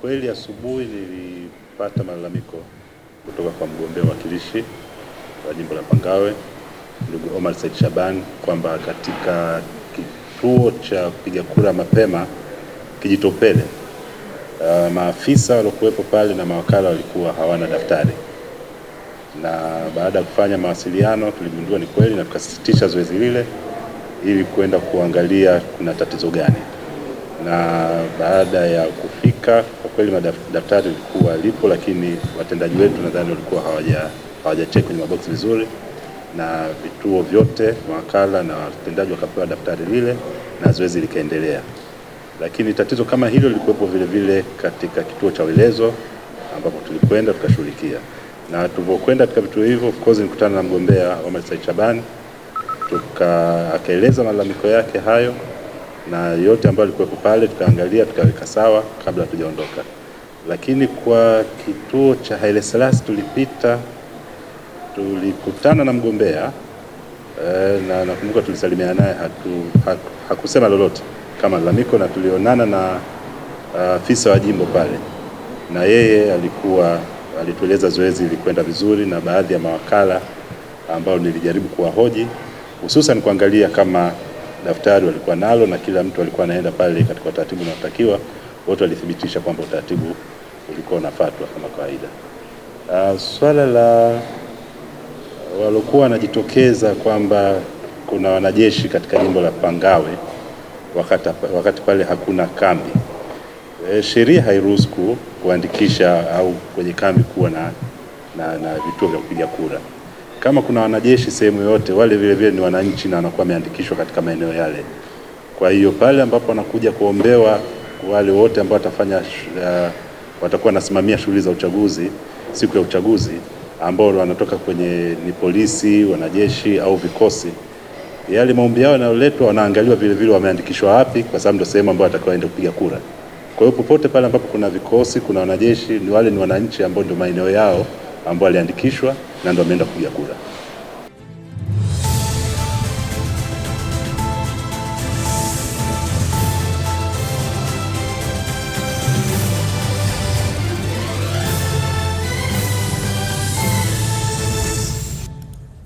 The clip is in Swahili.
Kweli asubuhi nilipata malalamiko kutoka kwa mgombea wakilishi wa jimbo la Pangawe ndugu Omar Said Shaban kwamba katika kituo cha kupiga kura mapema Kijitopele, uh, maafisa waliokuwepo pale na mawakala walikuwa hawana daftari, na baada ya kufanya mawasiliano tuligundua ni kweli, na tukasisitisha zoezi lile ili kwenda kuangalia kuna tatizo gani na baada ya kufika kwa kweli madaftari likuwa lipo, lakini watendaji wetu nadhani walikuwa hawaja hawajacheki kwenye maboksi vizuri, na vituo vyote mawakala na watendaji wakapewa daftari lile na zoezi likaendelea. Lakini tatizo kama hilo lilikuwepo vile vile katika kituo cha Welezo ambapo tulikwenda tukashughulikia, na tulivyokwenda katika vituo hivyo, of course nikutana na mgombea Omar Said Shabani, tukaeleza akaeleza malalamiko yake hayo na yote ambayo alikuwepo pale tukaangalia, tukaweka sawa kabla hatujaondoka. Lakini kwa kituo cha Haile Selassie tulipita, tulikutana na mgombea e, na nakumbuka tulisalimiana naye haku, hakusema lolote kama lalamiko, na tulionana na ah, afisa wa jimbo pale, na yeye alikuwa alitueleza zoezi lilikwenda vizuri, na baadhi ya mawakala ambao nilijaribu kuwahoji hususan kuangalia kama daftari walikuwa nalo na kila mtu alikuwa anaenda pale katika utaratibu unaotakiwa. Wote walithibitisha kwamba utaratibu ulikuwa unafuatwa kama kawaida. Uh, swala la walokuwa wanajitokeza kwamba kuna wanajeshi katika jimbo la Pangawe wakati, wakati pale hakuna kambi e, sheria hairuhusu kuandikisha au kwenye kambi kuwa na, na, na vituo vya kupiga kura. Kama kuna wanajeshi sehemu yote wale vile vile ni wananchi na wanakuwa wameandikishwa katika maeneo yale. Kwa hiyo pale ambapo wanakuja kuombewa, wale wote ambao watafanya uh, watakuwa wanasimamia shughuli za uchaguzi siku ya uchaguzi, ambao wanatoka kwenye ni polisi, wanajeshi au vikosi, yale maombi yao yanayoletwa, wanaangaliwa vile vile wameandikishwa wapi, kwa sababu ndio sehemu ambayo watakuwa waende kupiga kura. Kwa hiyo popote pale ambapo kuna vikosi, kuna wanajeshi, ni wale ni wananchi ambao ndio maeneo yao ambao aliandikishwa na ndio ameenda kupiga kura.